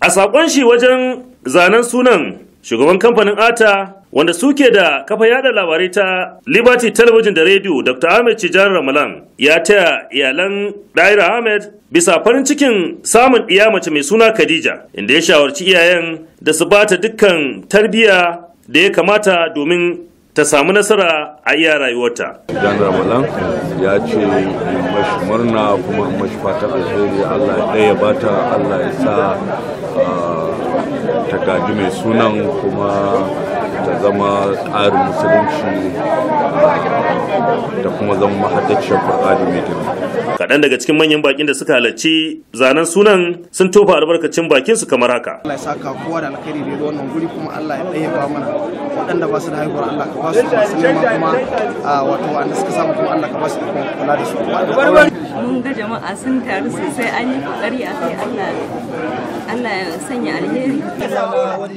A saƙon shi wajen zanen sunan shugaban kamfanin ata wanda suke da kafa yada labarai ta liberty television da radio dr ahmed cijan ramalan ya taya iyalan daira ahmed bisa farin cikin samun iya mace mai suna khadija inda ya shawarci iyayen da su bata dukkan tarbiyya da ya kamata domin ta samu nasara a iya rayuwarta. Jan Ramalan ya ce mashi murna kuma mashi fatan alheri Allah ya bata Allah ya sa ah, ta gaji mai sunan kuma ta zama tsarin musulunci da kuma zan mahaddacin Qur'ani mai girma. Kaɗan daga cikin manyan bakin da suka halarci zanen sunan sun tofa albarkacin bakin su kamar haka. Allah ya saka kowa da alkhairi da wannan guri kuma Allah ya ɗaya ba mana waɗanda ba su da haihuwar Allah ka ba su masu nema kuma wato wanda suka samu kuma Allah ka ba su ikon kula da su. Mun ga jama'a sun taru sosai an yi kokari a kai Allah Allah ya sanya alheri wannan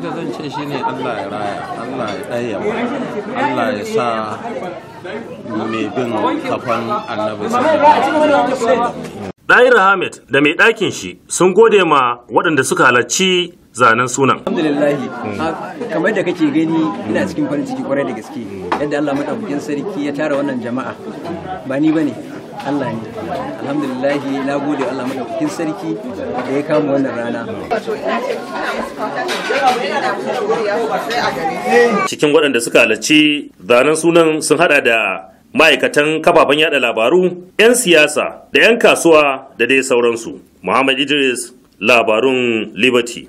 da zan ce shi ne Allah ya raya Allah ya ɗaya Allah ya sa mai bin kafan annabi Daira Hamid da mai ɗakin shi sun gode ma waɗanda suka halarci zanen sunan. Alhamdulillah hmm. ah, kamar da kake gani ina cikin farin ciki kwarai da gaske yadda Allah madaukakin sarki ya tara wannan jama'a ba ni bane Allah ne alhamdulillah na gode wa Allah madaukakin sarki da ya kama wannan rana cikin waɗanda suka halarci zanen sunan sun haɗa da ma'aikatan kafafen yada labaru 'yan siyasa da 'yan kasuwa da dai sauransu muhammad idris labarun liberty